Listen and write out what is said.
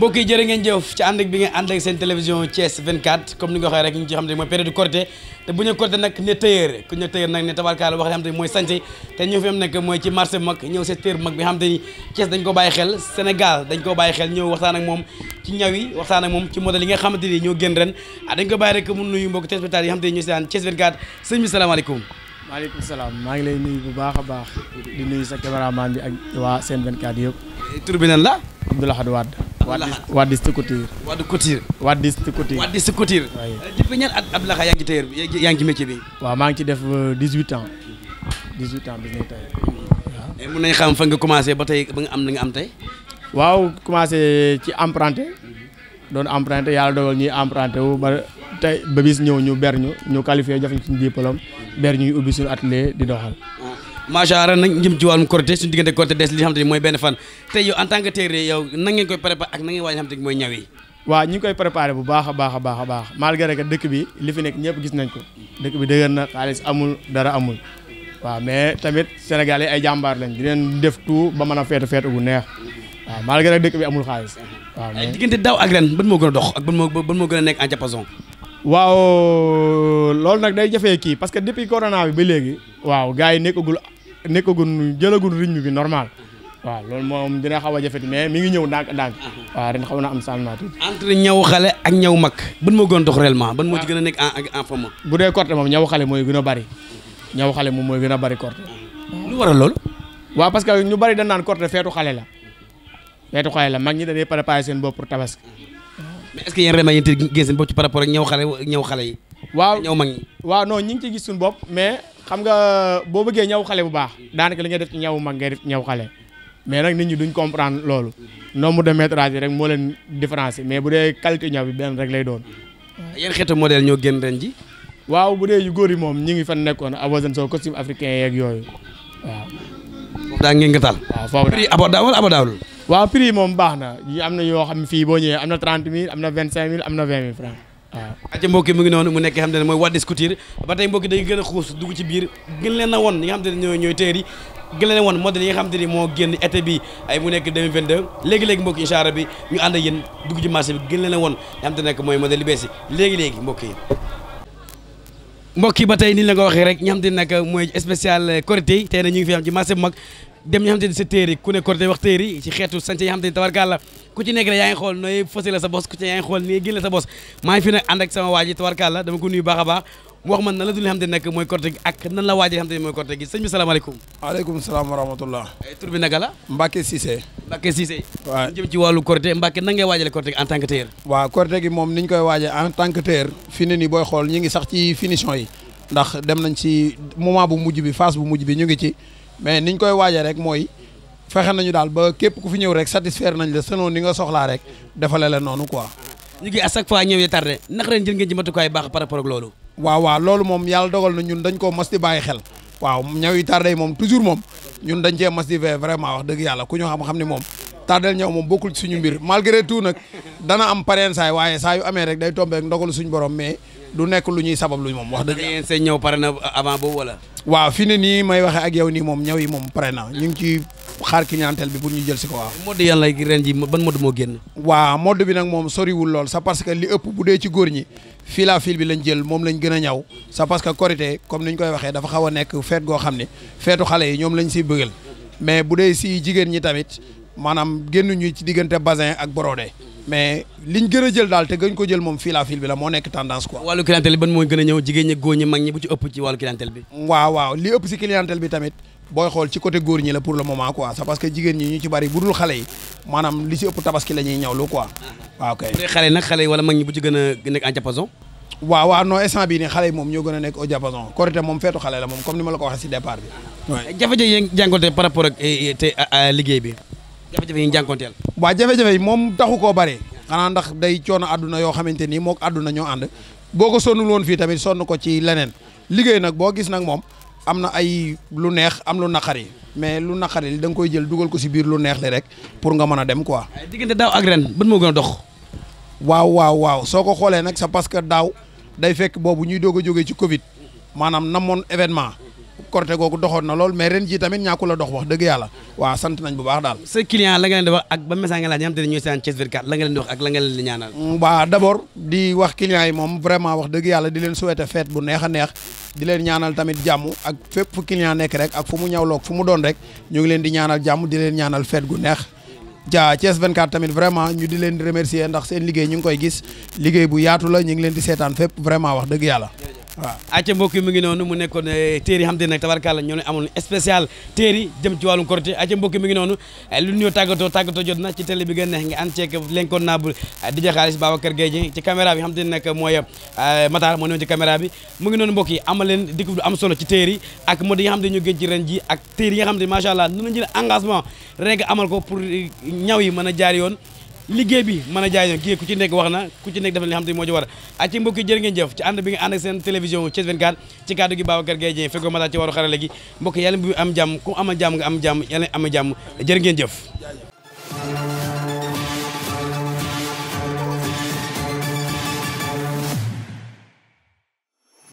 mbokk yi jërë ngeen jëf ci ànd ak bi ngeen ànd ak seen télévision Thiès 24 comme ni nga waxee rek ñu ci xam ne mooy période Korité te bu ñu Korité nag ne tëyër ku ñu tëyër nag ne tabarkaala wax li xam te mooy sañse te ñu fi am nekk mooy ci marché bu mag ñëw seet tëyër bu mag bi xam te ni Thiès dañ ko bàyyi xel Sénégal dañ ko bàyyi xel ñëw waxtaan ak moom ci ñaw yi waxtaan ak moom ci modèle yi nga xamante ni ñoo gën ren ah dañ ko bàyyi rek mu nuyu mbokk téléspectateurs yi xam te ni ñu si daan Thiès bi salaamaaleykum maaleykum salaam maa ngi lay nuyu bu baax a baax di nuyu sa cameraman bi ak waa seen 24 yëpp tur bi nan la Abdoulaye Wade Wadist Couture. Wadu Couture. Wadist Couture. Wadist Couture. waaye depuis ñaar at Abdou Lakhat yaa ngi ci tey yaa ngi ci bi. waaw maa ngi ci def euh, dix huit ans dix huit ans bi ñu tey. waaw mun nañ xam fan nga commencé ba tey ba nga am na nga am tey. waaw commencé ci emprunté doon emprunté yàlla dogal ñuy emprunté wu ba tey ba bis ñëw ñu ber ñu ñu qualifié jox ñu suñu diplôme ber ñuy ubbi suñu atelier di doxal. macha allah nag jëm ci wàllum suñu diggante Korité des li xam te mooy benn fan tey yow en tant que yow na ngeen koy préparé ak na ngeen waaj xam te koy préparé bu baax a baax baax a baax malgré que dëkk bi li fi nekk ñëpp gis nañ ko dëkk bi dëgër na xaalis amul dara amul waaw mais tamit Sénégalais ay jàmbaar lañ di leen def tout ba man a feetu feetu bu neex waaw malgré que dëkk bi amul xaalis waaw mais diggante daaw ak ren ban moo gën dox ban moo ban moo gën a nekk en diapason waaw loolu nag day jafee kii parce que depuis corona bi ba léegi waaw gaa yi nekkagul nekkagun jëlagun rythme bi normal waaw loolu moom dina xaw a jafet mais mi ngi ñëw ndànk-ndànk mhm. waaw ren xaw na am changement tuuti entre ñaw xale ak ñaw mag ban moo gën dox moo ah. a nekk en forme bu dee corté moom a bari ñaw xale moom mooy gën a bari mhm. ñu bari dañ naan corté feetu xale la feetu la mag ñi dañuy préparé seen bopp pour tabaski mhm. mais est-ce que yéen vraiment gis seen bopp par rapport ak ñaw xale ñaw xale yi waaw ñaw mag ñi waaw non ñi ngi ci mais xam nga boo bëggee ñaw xale bu baax daanaka li def ci ñaw mag ngay def ci ñaw xale mais nag nit ñi duñ comprendre loolu nombre de métrage yi rek moo leen différencier mais bu dee qualité ñaw bi benn rek lay doon. yan xeetu modèle ñoo gën ren ji. waaw bu dee yu góor yi moom ñi ngi fan nekkoon aboisane soo costume africain yeeg yooyu waaw. foofu daa ngeen gëtal. waaw foofu prix abordable wala abordable. waaw prix moom baax na am na yoo xam fii boo ñëwee am na trente mille am na vingt cinq waaw aca mbokki mu ngi noonu mu nekk xam te ne mooy What Is Couture ba tey mbokki dañu gën a xuus dugg ci biir gën leen a won ñi nga xam te a won te ni moo génn été bi nekk 2022 léegi-léegi mbokki incha allah bi ñu ànd ak yéen dugg ci marché bi gën leen a won xam te nekk mooy modèle yu bees yi léegi-léegi mbokki yi mbokk yi ba tey nii la ko waxee rek ñi xam te nekk mooy spécial Korité tey na ñu fi am ci marché bu mag dem ñoo xam te ku ne korité wax téere yi ci xeetu santé yi xam te ni tabarkàlla ku ci nekk rek yaa ngi xool nooy fësee la sa bos ku ci yaa ngi xool nii génne sa bos maa ngi fi waa ji tabarkàlla dama ko a baax mu wax man nan la dul xam eh, waaw jëm ci wàllu korité Mbacke nan ngay waajale korité en tant que téere waaw korité koy waaje en tant que téere fi ne booy xool ñu ngi sax ci finition yi ndax dem nañ ci moment bu mujj bi phase bu mujj bi ñu ngi ci mais niñ koy waajee rek mooy fexe nañu daal ba képp ku fi ñëw rek satisfaire nañ la selon ni nga soxlaa rek defale la noonu quoi. ñu ngi à fois ñëw ya tardé ndax ren jël ngeen par rapport ak loolu. waaw waaw loolu moom yàlla dogal na ñun dañ koo mas di bàyyi xel. waaw ñëw yi moom toujours moom ñun dañ cee mas di veillé vraiment wax dëgg yàlla ku ñu xam xam ne moom. tardel ñëw moom bokkul ci suñu mbir malgré tout nag dana am pareen saay waaye saa yu amee rek day tombeek ak ndogalu suñu borom mais du nekk lu ñuy sabab lu moom wax dëgg yéen seen ñëw pare na avant boobu wala fi ne nii may waxee ak yow nii moom ñëw yi moom pare na ñu ngi ci xaar clientèle bi pour ñu jël si ko waaw mode yan lay ren ji ban mode moo génn waaw mode bi nag moom soriwul lool sa parce que li ëpp bu dee ci góor ñi fil à fil bi lañ jël moom lañ gën a ñaw sa parce que korité comme ni ñu koy waxee dafa xaw a nekk feet goo xam ne feetu xale yi ñoom lañ siy bëggal mais bu ñi tamit maanaam génn ñu ci diggante basin ak brodé mais liñ gën a jël daal te gën ko jël moom fil à fil bi la moo nekk tendance quoi. wàllu clientèle bi ban mooy gën a ñëw jigéen bi. waaw waaw li ëpp si clientèle bi tamit booy xool ci côté góor ñi la pour le moment quoi c'est parce que jigéen ñi ñu ci bari budul xale yi maanaam li si ëpp tabaski la a nekk en moom ñoo gën a nekk au diapason Korité moom feetu xale la moom comme ni ma la ko waxee si départ bi. jafe-jafe yi par rapport ak eh, eh, te eh, liggéey bi jafe-jafe yi ñu jànkonteel waaw jafe-jafe yi moom taxu koo bare xanaa ndax day coono àdduna yoo xamante nii mook àdduna ñoo ànd boo ko sonnul loon fii tamit sonn ko ci leneen liggéey nag boo gis nag moom am na ay lu neex am lu naqari mais lu naqari li da nga koy jël dugal ko si biir lu neex li rek pour nga mën a dem quoi diggante daaw ak ren ban moo gën dox waaw waaw waaw soo ko xoolee nag c'est parce que daaw day fekk boobu ñuy doog a jógee ci Covid maanaam namoon événement korte googu doxoon na lool mais ren jii tamit ñàkku la dox wax dëgg yàlla waaw sant nañ bu baax daal sa client la nga leen di wax ak ba message nga wax ñaanal mm, waaw d'abord di wax client yi moom vraiment wax dëgg yàlla di leen souhaiter fête bu neex a neex di leen ñaanal tamit jàmm ak fépp fu client nekk rek ak fu mu ñawloog fu mu doon rek ñu ngi leen di ñaanal jàmm di leen ñaanal fête gu neex ja Thiès 24 tamit vraiment ñu di leen remercier ndax seen liggéey ñu ngi koy gis liggéey bu yaatu la ñu ngi leen di seetaan fépp vraiment wax dëgg waaw acca mbokk yi mu ngi noonu mu nekkoon eh, téer yi xam te nag tabarkàlla ñoo ne amoon spécial téer yi jëm ci wàllum korité acca mbokk yi mu ngi noonu eh, lu nuyoo tàggatoo tàggatoo jot na ci télé bi gën neex nga an ceek lenkoon naa bu eh, Dija Xaalis Babacar Gueye ci caméra bi xam te nag mooy Matar moo newoon ci caméra bi mu ngi noonu mbokk yi amal leen dikk du am solo ci téer ak mode yi nga xam te ren ji ak téer yi nga xam te allah nu na jël engagement rek amal ko pour ñaw yi mën a jaar yoon liggéey bi mën a jaay kii ku ci nekk wax na ku ci nekk def na li xam te moo ci war a ci mbokk yi jërë ngeen jëf ci ànd bi nga ànd ak seen télévision Thiès 24 ci kaddu gi Babacar Gueye Dieng feggoo mata ci waru xarale gi mbokk yàlla bu am jàmm ku am jàmm nga am jàmm yàlla am jàmm jërë ngeen jëf